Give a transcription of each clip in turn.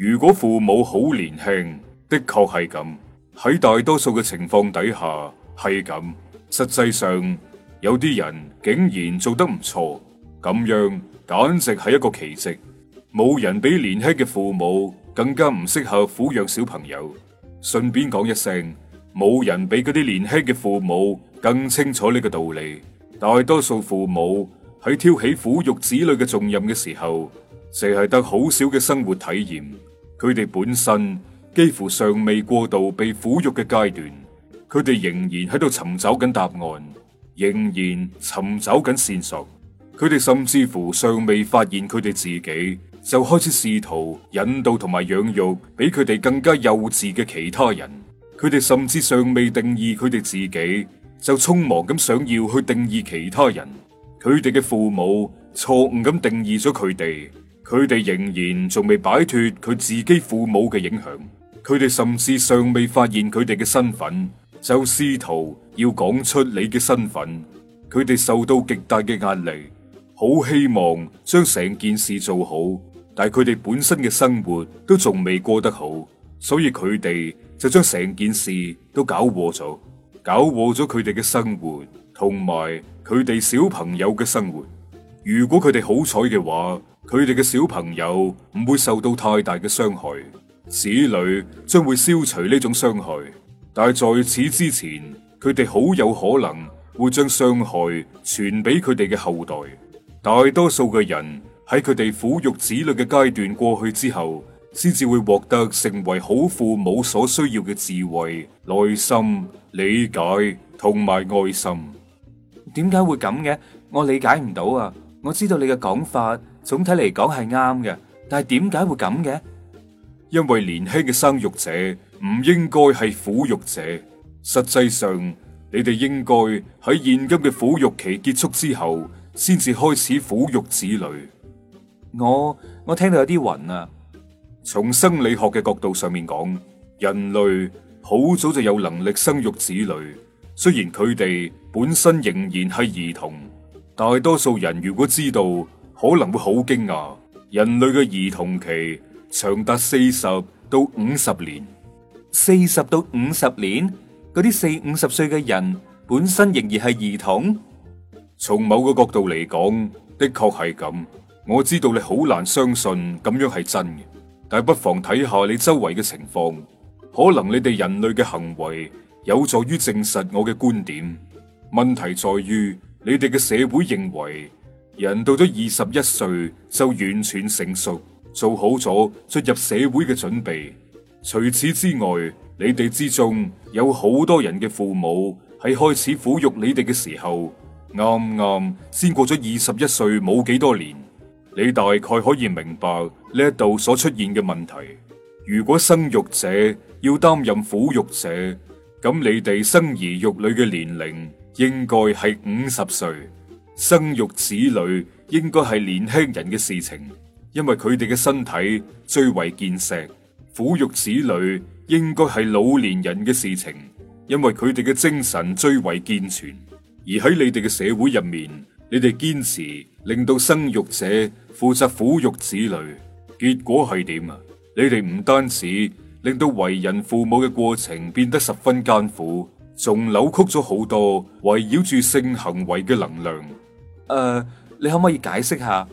如果父母好年輕，的確係咁。喺大多數嘅情況底下係咁。實際上有啲人竟然做得唔錯，咁樣簡直係一個奇蹟。冇人比年輕嘅父母更加唔適合撫養小朋友。順便講一聲，冇人比嗰啲年輕嘅父母更清楚呢個道理。大多數父母喺挑起撫育子女嘅重任嘅時候，淨係得好少嘅生活體驗。佢哋本身幾乎尚未過度被撫育嘅階段，佢哋仍然喺度尋找緊答案，仍然尋找緊線索。佢哋甚至乎尚未發現佢哋自己，就開始試圖引導同埋養育比佢哋更加幼稚嘅其他人。佢哋甚至尚未定義佢哋自己，就匆忙咁想要去定義其他人。佢哋嘅父母錯誤咁定義咗佢哋。佢哋仍然仲未擺脫佢自己父母嘅影響，佢哋甚至尚未發現佢哋嘅身份，就試圖要講出你嘅身份。佢哋受到極大嘅壓力，好希望將成件事做好，但係佢哋本身嘅生活都仲未過得好，所以佢哋就將成件事都搞禍咗，搞禍咗佢哋嘅生活，同埋佢哋小朋友嘅生活。如果佢哋好彩嘅話，佢哋嘅小朋友唔會受到太大嘅傷害，子女將會消除呢種傷害。但係在此之前，佢哋好有可能會將傷害傳俾佢哋嘅後代。大多數嘅人喺佢哋撫育子女嘅階段過去之後，先至會獲得成為好父母所需要嘅智慧、耐心、理解同埋愛心。點解會咁嘅？我理解唔到啊！我知道你嘅講法。總體嚟講係啱嘅，但係點解會咁嘅？因為年輕嘅生育者唔應該係撫育者，實際上你哋應該喺現今嘅撫育期結束之後，先至開始撫育子女。我我聽到有啲暈啊，從生理學嘅角度上面講，人類好早就有能力生育子女，雖然佢哋本身仍然係兒童。大多數人如果知道。可能會好驚訝，人類嘅兒童期長達四十到五十年，四十到五十年。嗰啲四五十歲嘅人本身仍然係兒童。從某個角度嚟講，的確係咁。我知道你好難相信咁樣係真嘅，但係不妨睇下你周圍嘅情況，可能你哋人類嘅行為有助於證實我嘅觀點。問題在於你哋嘅社會認為。人到咗二十一歲就完全成熟，做好咗進入社會嘅準備。除此之外，你哋之中有好多人嘅父母喺開始撫育你哋嘅時候，啱啱先過咗二十一歲冇幾多年，你大概可以明白呢一度所出現嘅問題。如果生育者要擔任撫育者，咁你哋生兒育女嘅年齡應該係五十歲。生育子女應該係年輕人嘅事情，因為佢哋嘅身體最為健碩；撫育子女應該係老年人嘅事情，因為佢哋嘅精神最為健全。而喺你哋嘅社會入面，你哋堅持令到生育者負責撫育子女，結果係點啊？你哋唔單止令到為人父母嘅過程變得十分艱苦，仲扭曲咗好多圍繞住性行為嘅能量。誒，uh, 你可唔可以解釋下？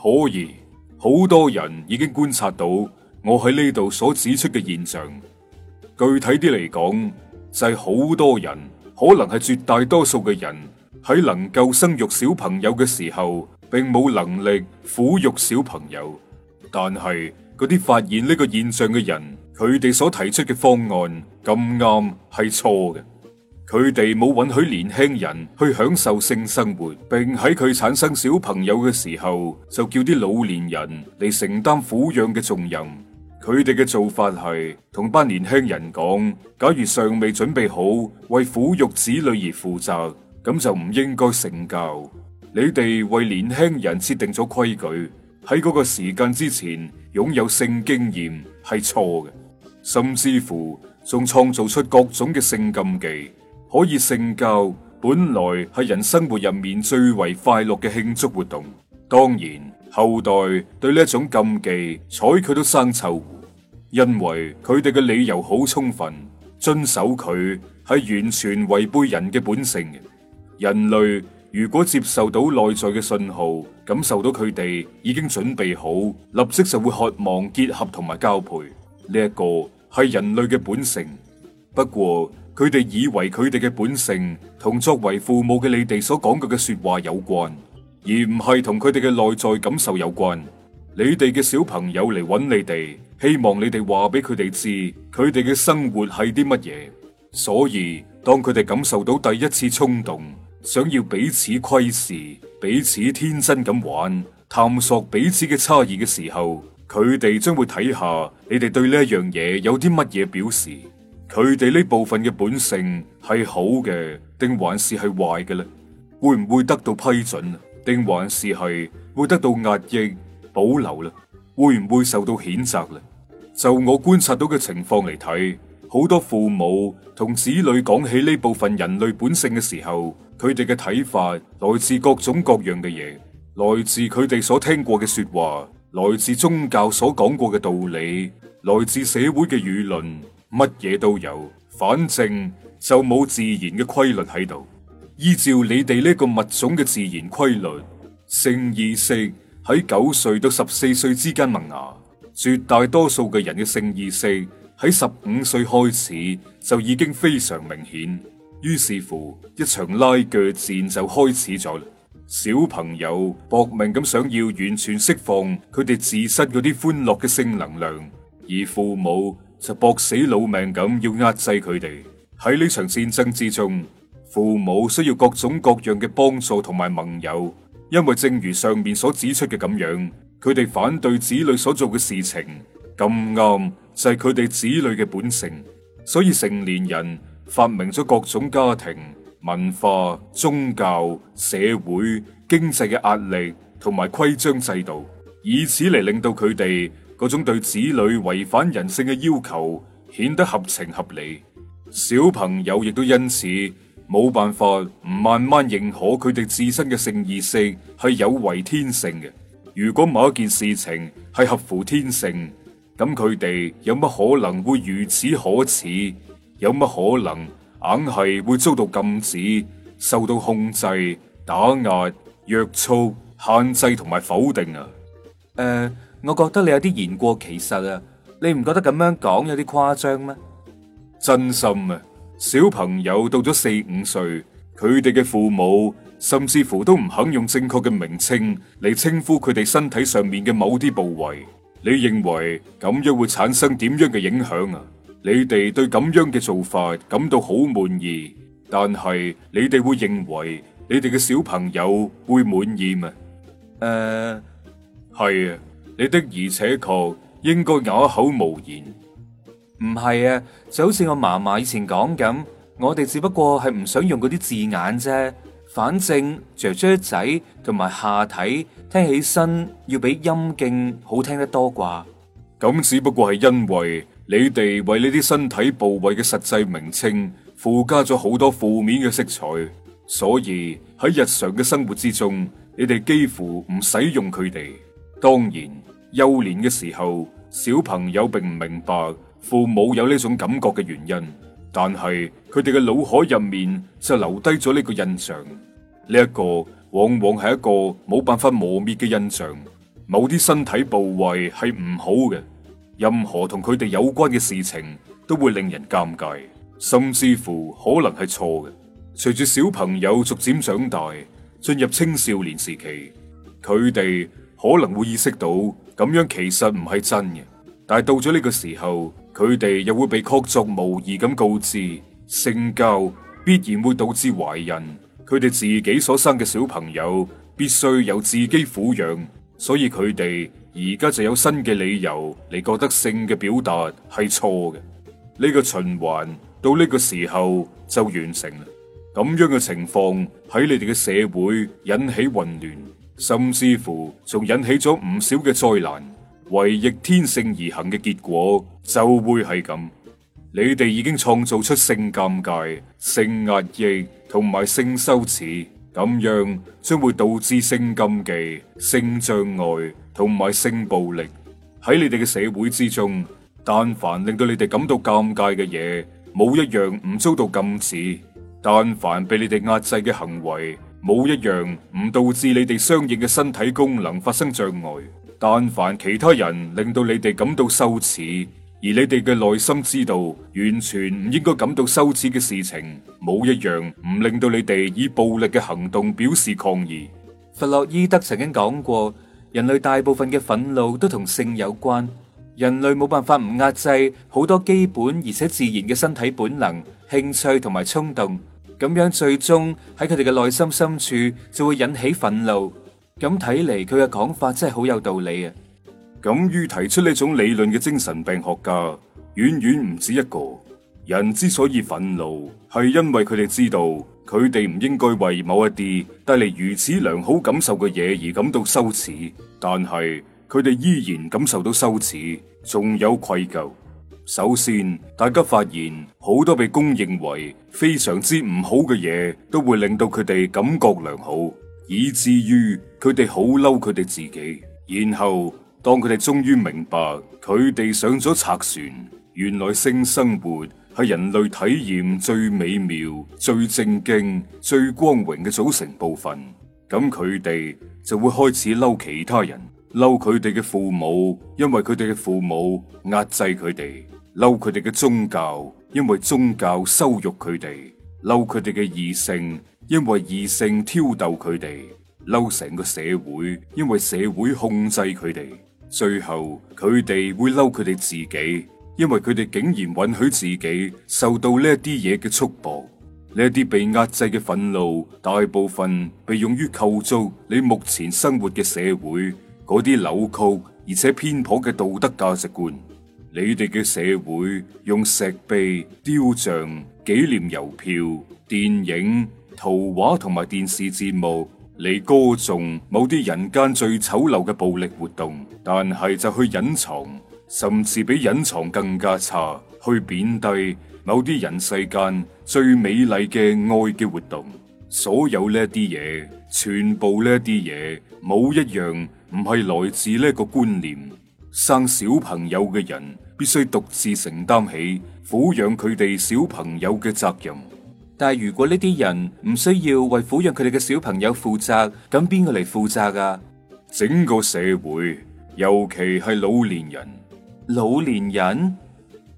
可以，好多人已經觀察到我喺呢度所指出嘅現象。具體啲嚟講，就係、是、好多人，可能係絕大多數嘅人，喺能夠生育小朋友嘅時候，並冇能力撫育小朋友。但係嗰啲發現呢個現象嘅人，佢哋所提出嘅方案咁啱係錯嘅。佢哋冇允許年輕人去享受性生活，並喺佢產生小朋友嘅時候就叫啲老年人嚟承擔撫養嘅重任。佢哋嘅做法係同班年輕人講：假如尚未準備好為撫育子女而負責，咁就唔應該性交。你哋為年輕人設定咗規矩，喺嗰個時間之前擁有性經驗係錯嘅，甚至乎仲創造出各種嘅性禁忌。可以性交本來係人生活入面最為快樂嘅慶祝活動，當然後代對呢一種禁忌睬佢都生臭，因為佢哋嘅理由好充分，遵守佢係完全違背人嘅本性嘅。人類如果接受到內在嘅信號，感受到佢哋已經準備好，立即就會渴望結合同埋交配，呢一個係人類嘅本性。不過，佢哋以為佢哋嘅本性同作為父母嘅你哋所講過嘅說話有關，而唔係同佢哋嘅內在感受有關。你哋嘅小朋友嚟揾你哋，希望你哋話俾佢哋知，佢哋嘅生活係啲乜嘢。所以，當佢哋感受到第一次衝動，想要彼此窺視、彼此天真咁玩、探索彼此嘅差異嘅時候，佢哋將會睇下你哋對呢一樣嘢有啲乜嘢表示。佢哋呢部分嘅本性係好嘅，定還是係壞嘅咧？會唔會得到批准啊？定還是係會得到壓抑、保留咧？會唔會受到譴責咧？就我觀察到嘅情況嚟睇，好多父母同子女講起呢部分人類本性嘅時候，佢哋嘅睇法來自各種各樣嘅嘢，來自佢哋所聽過嘅說話，來自宗教所講過嘅道理，來自社會嘅輿論。乜嘢都有，反正就冇自然嘅規律喺度。依照你哋呢個物種嘅自然規律，性意識喺九歲到十四歲之間萌芽，絕大多數嘅人嘅性意識喺十五歲開始就已經非常明顯。於是乎，一場拉鋸戰就開始咗。小朋友搏命咁想要完全釋放佢哋自身嗰啲歡樂嘅性能量，而父母。就搏死老命咁要壓制佢哋。喺呢場戰爭之中，父母需要各種各樣嘅幫助同埋盟友，因為正如上面所指出嘅咁樣，佢哋反對子女所做嘅事情。咁啱就係佢哋子女嘅本性，所以成年人發明咗各種家庭、文化、宗教、社會、經濟嘅壓力同埋規章制度，以此嚟令到佢哋。嗰種對子女違反人性嘅要求顯得合情合理，小朋友亦都因此冇辦法唔慢慢認可佢哋自身嘅性意識係有違天性嘅。如果某一件事情係合乎天性，咁佢哋有乜可能會如此可恥？有乜可能硬係會遭到禁止、受到控制、打壓、約束、限制同埋否定啊？誒。我覺得你有啲言過其實啊，你唔覺得咁樣講有啲誇張咩？真心啊，小朋友到咗四五歲，佢哋嘅父母甚至乎都唔肯用正確嘅名稱嚟稱呼佢哋身體上面嘅某啲部位，你認為咁樣會產生點樣嘅影響啊？你哋對咁樣嘅做法感到好滿意，但係你哋會認為你哋嘅小朋友會滿意嗎？誒、呃，係啊。你的而且確應該啞口無言。唔係啊，就好似我媽媽以前講咁，我哋只不過係唔想用嗰啲字眼啫。反正雀雀仔同埋下體聽起身要比陰莖好聽得多啩。咁只不過係因為你哋為呢啲身體部位嘅實際名稱附加咗好多負面嘅色彩，所以喺日常嘅生活之中，你哋幾乎唔使用佢哋。當然。幼年嘅時候，小朋友並唔明白父母有呢種感覺嘅原因，但係佢哋嘅腦海入面就留低咗呢個印象。呢一個往往係一個冇辦法磨滅嘅印象。某啲身體部位係唔好嘅，任何同佢哋有關嘅事情都會令人尷尬，甚至乎可能係錯嘅。隨住小朋友逐漸長大，進入青少年時期，佢哋。可能會意識到咁樣其實唔係真嘅，但係到咗呢個時候，佢哋又會被確鑿無疑咁告知，性交必然會導致懷孕，佢哋自己所生嘅小朋友必須由自己撫養，所以佢哋而家就有新嘅理由嚟覺得性嘅表達係錯嘅。呢個循環到呢個時候就完成啦。咁樣嘅情況喺你哋嘅社會引起混亂。甚至乎仲引起咗唔少嘅災難，違逆天性而行嘅結果就會係咁。你哋已經創造出性尷尬、性壓抑同埋性羞恥，咁樣將會導致性禁忌、性障礙同埋性暴力。喺你哋嘅社會之中，但凡令到你哋感到尷尬嘅嘢，冇一樣唔遭到禁止；但凡被你哋壓制嘅行為。冇一樣唔導致你哋相應嘅身體功能發生障礙。但凡其他人令到你哋感到羞恥，而你哋嘅內心知道完全唔應該感到羞恥嘅事情，冇一樣唔令到你哋以暴力嘅行動表示抗議。弗洛伊德曾經講過，人類大部分嘅憤怒都同性有關。人類冇辦法唔壓制好多基本而且自然嘅身體本能、興趣同埋衝動。咁樣最終喺佢哋嘅內心深處就會引起憤怒。咁睇嚟，佢嘅講法真係好有道理啊！敢於提出呢種理論嘅精神病學家遠遠唔止一個人。之所以憤怒，係因為佢哋知道佢哋唔應該為某一啲帶嚟如此良好感受嘅嘢而感到羞恥，但係佢哋依然感受到羞恥，仲有愧疚。首先，大家發現好多被公認為非常之唔好嘅嘢，都會令到佢哋感覺良好，以至於佢哋好嬲佢哋自己。然後，當佢哋終於明白佢哋上咗賊船，原來性生活係人類體驗最美妙、最正經、最光榮嘅組成部分，咁佢哋就會開始嬲其他人，嬲佢哋嘅父母，因為佢哋嘅父母壓制佢哋。嬲佢哋嘅宗教，因為宗教羞辱佢哋；嬲佢哋嘅異性，因為異性挑逗佢哋；嬲成個社會，因為社會控制佢哋。最後佢哋會嬲佢哋自己，因為佢哋竟然允許自己受到呢一啲嘢嘅束縛。呢一啲被壓制嘅憤怒，大部分被用於構築你目前生活嘅社會嗰啲扭曲而且偏頗嘅道德價值觀。你哋嘅社會用石碑、雕像、紀念郵票、電影、圖畫同埋電視節目嚟歌頌某啲人間最醜陋嘅暴力活動，但係就去隱藏，甚至比隱藏更加差，去貶低某啲人世間最美麗嘅愛嘅活動。所有呢啲嘢，全部呢啲嘢，冇一樣唔係來自呢個觀念。生小朋友嘅人必須獨自承擔起撫養佢哋小朋友嘅責任，但係如果呢啲人唔需要為撫養佢哋嘅小朋友負責，咁邊個嚟負責㗎？整個社會，尤其係老年人。老年人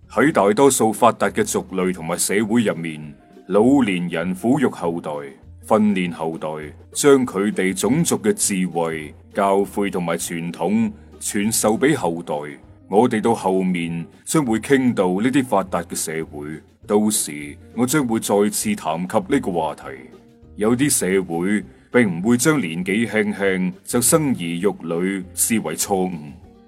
喺大多數發達嘅族類同埋社會入面，老年人撫育後代、訓練後代，將佢哋種族嘅智慧、教誨同埋傳統，傳授俾後代，我哋到後面將會傾到呢啲發達嘅社會，到時我將會再次談及呢個話題：有啲社會並唔會將年紀輕輕就生兒育女視為錯誤，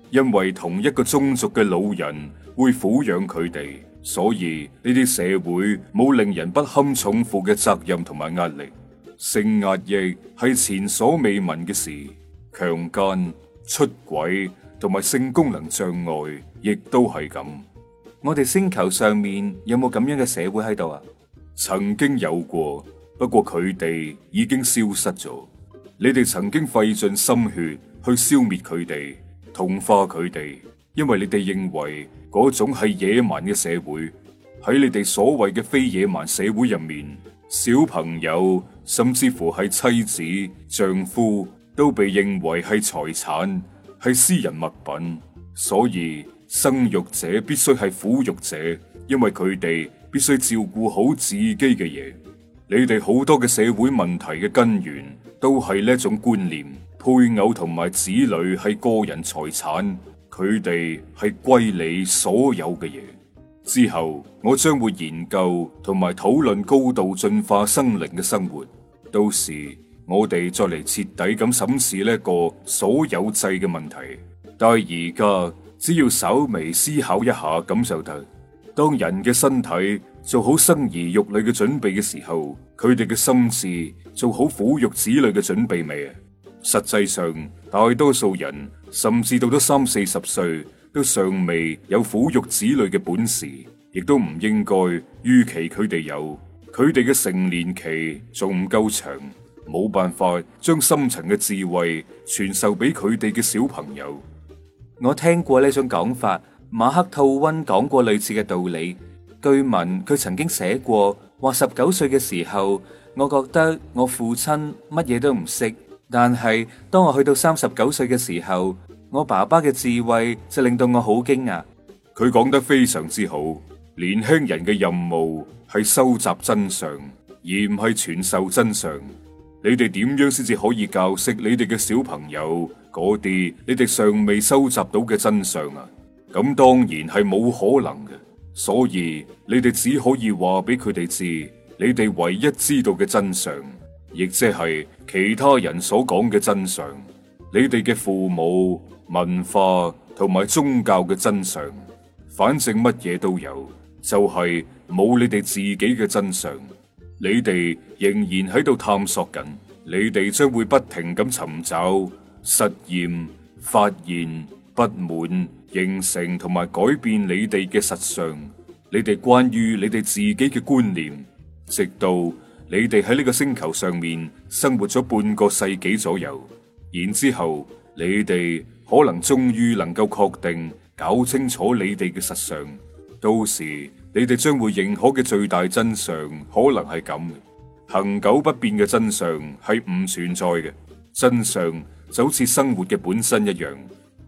因為同一個宗族嘅老人會撫養佢哋，所以呢啲社會冇令人不堪重負嘅責任同埋壓力。性壓抑係前所未聞嘅事，強姦、出軌同埋性功能障礙，亦都係咁。我哋星球上面有冇咁樣嘅社會喺度啊？曾經有過，不過佢哋已經消失咗。你哋曾經費盡心血去消滅佢哋，同化佢哋，因為你哋認為嗰種係野蠻嘅社會。喺你哋所謂嘅非野蠻社會入面，小朋友甚至乎係妻子、丈夫。都被認為係財產，係私人物品，所以生育者必須係撫育者，因為佢哋必須照顧好自己嘅嘢。你哋好多嘅社會問題嘅根源都係呢一種觀念：配偶同埋子女係個人財產，佢哋係歸你所有嘅嘢。之後我將會研究同埋討論高度進化生靈嘅生活。到時。我哋再嚟徹底咁審視呢個所有制嘅問題。但係而家只要稍微思考一下，咁就得。當人嘅身體做好生兒育女嘅準備嘅時候，佢哋嘅心智做好撫育子女嘅準備未啊？實際上，大多數人甚至到咗三四十歲都尚未有撫育子女嘅本事，亦都唔應該預期佢哋有。佢哋嘅成年期仲唔夠長。冇辦法將深層嘅智慧傳授俾佢哋嘅小朋友。我聽過呢種講法，馬克吐温講過類似嘅道理。據聞佢曾經寫過，話十九歲嘅時候，我覺得我父親乜嘢都唔識。但係當我去到三十九歲嘅時候，我爸爸嘅智慧就令到我好驚訝。佢講得非常之好。年輕人嘅任務係收集真相，而唔係傳授真相。你哋點樣先至可以教識你哋嘅小朋友嗰啲你哋尚未收集到嘅真相呀？咁當然係冇可能嘅，所以你哋只可以話俾佢哋知，你哋唯一知道嘅真相，亦即係其他人所講嘅真相，你哋嘅父母、文化同埋宗教嘅真相。反正乜嘢都有，就係冇你哋自己嘅真相。你哋仍然喺度探索緊，你哋將會不停咁尋找、實驗、發現、不滿、形成同埋改變你哋嘅實相，你哋關於你哋自己嘅觀念，直到你哋喺呢個星球上面生活咗半個世紀左右，然之後你哋可能終於能夠確定、搞清楚你哋嘅實相，到時，你哋將會認可嘅最大真相，可能係咁嘅。恆久不變嘅真相係唔存在嘅。真相就好似生活嘅本身一樣，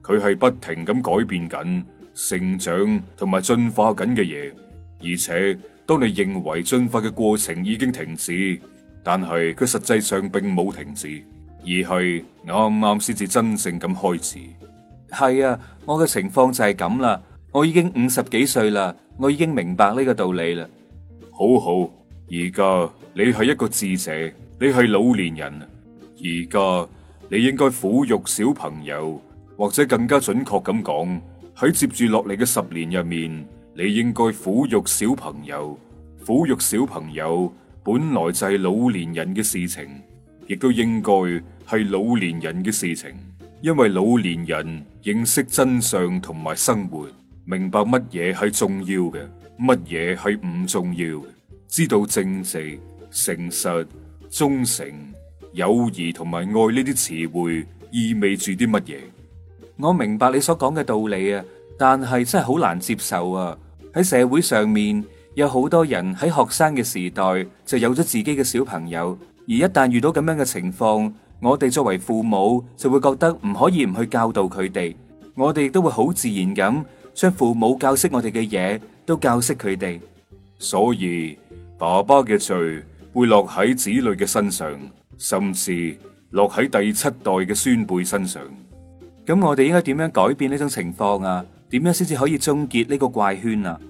佢係不停咁改變緊、成長同埋進化緊嘅嘢。而且當你認為進化嘅過程已經停止，但係佢實際上並冇停止，而係啱啱先至真正咁開始。係啊，我嘅情況就係咁啦。我已經五十幾歲啦，我已經明白呢個道理啦。好好，而家你係一個智者，你係老年人。而家你應該撫育小朋友，或者更加準確咁講，喺接住落嚟嘅十年入面，你應該撫育小朋友。撫育小朋友本來就係老年人嘅事情，亦都應該係老年人嘅事情，因為老年人認識真相同埋生活。明白乜嘢係重要嘅，乜嘢係唔重要？知道正直、誠實、忠誠、友誼同埋愛呢啲詞彙意味住啲乜嘢？我明白你所講嘅道理啊，但係真係好難接受啊。喺社會上面有好多人喺學生嘅時代就有咗自己嘅小朋友，而一旦遇到咁樣嘅情況，我哋作為父母就會覺得唔可以唔去教導佢哋。我哋亦都會好自然咁。將父母教識我哋嘅嘢都教識佢哋，所以爸爸嘅罪會落喺子女嘅身上，甚至落喺第七代嘅孫輩身上。咁我哋應該點樣改變呢種情況啊？點樣先至可以終結呢個怪圈啊？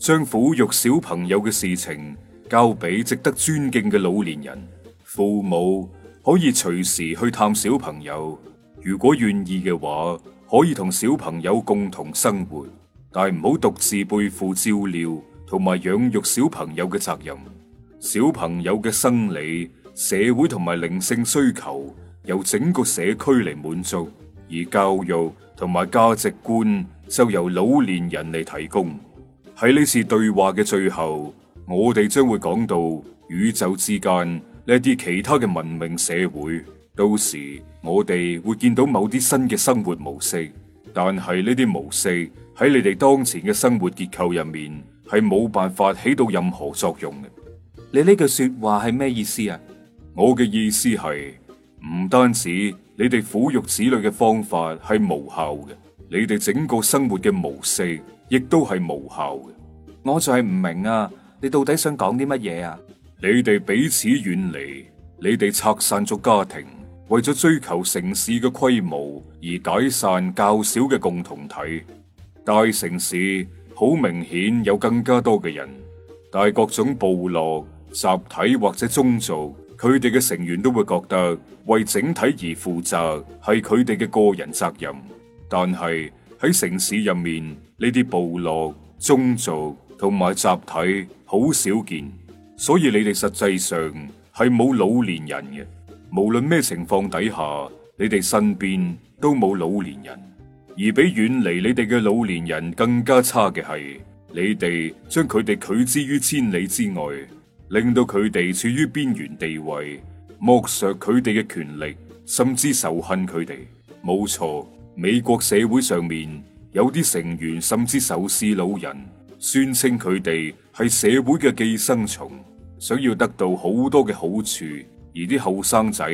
將撫育小朋友嘅事情交俾值得尊敬嘅老年人，父母可以隨時去探小朋友，如果願意嘅話。可以同小朋友共同生活，但唔好獨自背負照料同埋養育小朋友嘅責任。小朋友嘅生理、社會同埋靈性需求由整個社區嚟滿足，而教育同埋價值觀就由老年人嚟提供。喺呢次對話嘅最後，我哋將會講到宇宙之間呢啲其他嘅文明社會。到時我哋會見到某啲新嘅生活模式，但係呢啲模式喺你哋當前嘅生活結構入面係冇辦法起到任何作用嘅。你呢句說話係咩意思啊？我嘅意思係唔單止你哋撫育子女嘅方法係無效嘅，你哋整個生活嘅模式亦都係無效嘅。我就係唔明啊，你到底想講啲乜嘢啊？你哋彼此遠離，你哋拆散咗家庭。為咗追求城市嘅規模而解散較小嘅共同體，大城市好明顯有更加多嘅人，但各種部落、集體或者宗族，佢哋嘅成員都會覺得為整體而負責係佢哋嘅個人責任。但係喺城市入面，呢啲部落、宗族同埋集體好少見，所以你哋實際上係冇老年人嘅。無論咩情況底下，你哋身邊都冇老年人，而比遠離你哋嘅老年人更加差嘅係，你哋將佢哋拒之於千里之外，令到佢哋處於邊緣地位，剝削佢哋嘅權力，甚至仇恨佢哋。冇錯，美國社會上面有啲成員甚至仇視老人，宣稱佢哋係社會嘅寄生蟲，想要得到好多嘅好處。而啲後生仔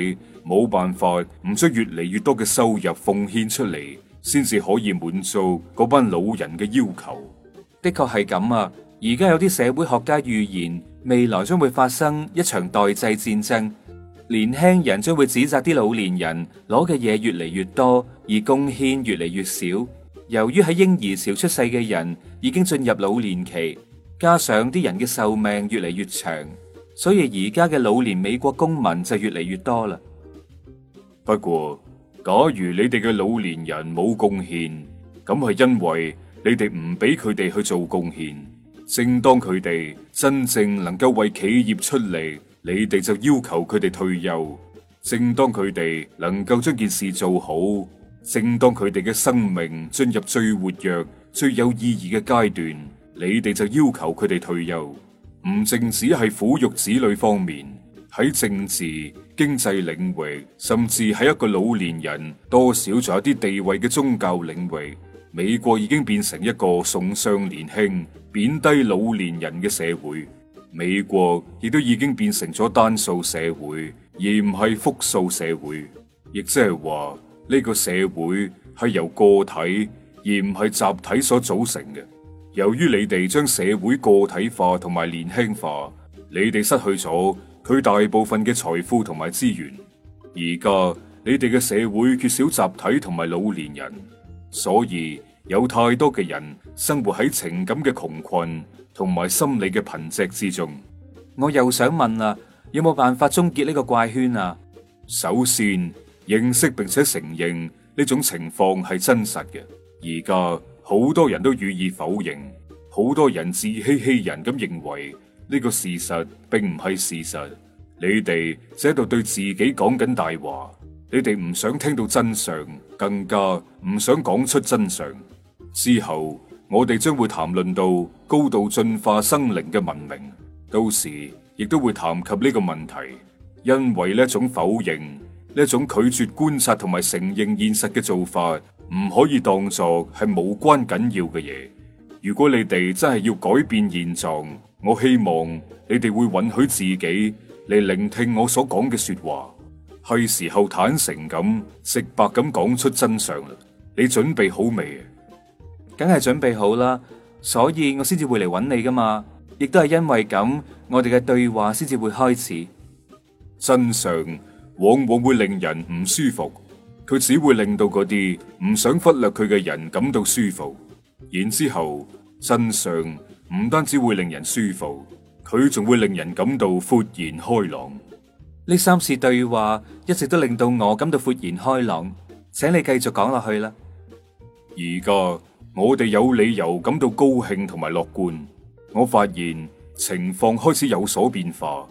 冇辦法，唔將越嚟越多嘅收入奉獻出嚟，先至可以滿足嗰班老人嘅要求。的確係咁啊！而家有啲社會學家預言，未來將會發生一場代際戰爭。年輕人將會指責啲老年人攞嘅嘢越嚟越多，而貢獻越嚟越少。由於喺嬰兒潮出世嘅人已經進入老年期，加上啲人嘅壽命越嚟越長。所以而家嘅老年美國公民就越嚟越多啦。不過，假如你哋嘅老年人冇貢獻，咁係因為你哋唔俾佢哋去做貢獻。正當佢哋真正能夠為企業出嚟，你哋就要求佢哋退休。正當佢哋能夠將件事做好，正當佢哋嘅生命進入最活躍、最有意義嘅階段，你哋就要求佢哋退休。唔淨止係撫育子女方面，喺政治、經濟領域，甚至喺一個老年人多少仲有啲地位嘅宗教領域，美國已經變成一個崇尚年輕、貶低老年人嘅社會。美國亦都已經變成咗單數社會，而唔係複數社會，亦即係話呢個社會係由個體而唔係集體所組成嘅。由於你哋將社會個體化同埋年輕化，你哋失去咗佢大部分嘅財富同埋資源。而家你哋嘅社會缺少集體同埋老年人，所以有太多嘅人生活喺情感嘅窮困同埋心理嘅貧瘠之中。我又想問啦，有冇辦法終結呢個怪圈啊？首先，認識並且承認呢種情況係真實嘅。而家。好多人都予以否認，好多人自欺欺人咁認為呢個事實並唔係事實。你哋喺度對自己講緊大話，你哋唔想聽到真相，更加唔想講出真相。之後我哋將會談論到高度進化生靈嘅文明，到時亦都會談及呢個問題，因為呢種否認、呢種拒絕觀察同埋承認現實嘅做法。唔可以當作係無關緊要嘅嘢。如果你哋真係要改變現狀，我希望你哋會允許自己嚟聆聽我所講嘅說話。係時候坦誠咁、直白咁講出真相啦。你準備好未？梗係準備好啦，所以我先至會嚟揾你噶嘛。亦都係因為咁，我哋嘅對話先至會開始。真相往往會令人唔舒服。佢只會令到嗰啲唔想忽略佢嘅人感到舒服，然之後真相唔單止會令人舒服，佢仲會令人感到豁然開朗。呢三次對話一直都令到我感到豁然開朗，請你繼續講落去啦。而家我哋有理由感到高興同埋樂觀。我發現情況開始有所變化。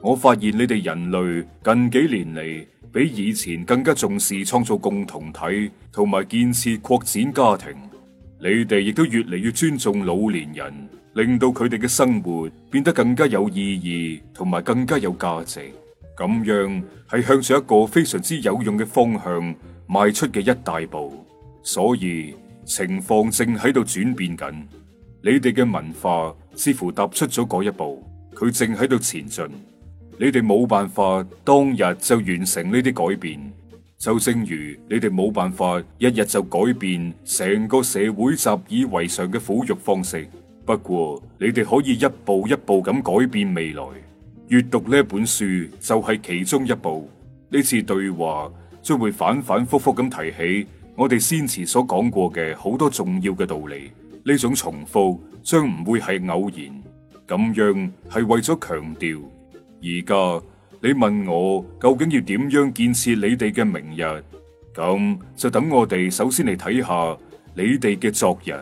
我發現你哋人類近幾年嚟。比以前更加重視創造共同體同埋建設擴展家庭，你哋亦都越嚟越尊重老年人，令到佢哋嘅生活變得更加有意義同埋更加有價值。咁樣係向住一個非常之有用嘅方向邁出嘅一大步，所以情況正喺度轉變緊。你哋嘅文化似乎踏出咗嗰一步，佢正喺度前進。你哋冇辦法當日就完成呢啲改變，就正如你哋冇辦法一日就改變成個社會習以為常嘅苦肉方式。不過，你哋可以一步一步咁改變未來。閱讀呢本書就係其中一步。呢次對話將會反反复复咁提起我哋先前所講過嘅好多重要嘅道理。呢種重複將唔會係偶然，咁樣係為咗強調。而家你問我究竟要點樣建設你哋嘅明日？咁就等我哋首先嚟睇下你哋嘅昨日。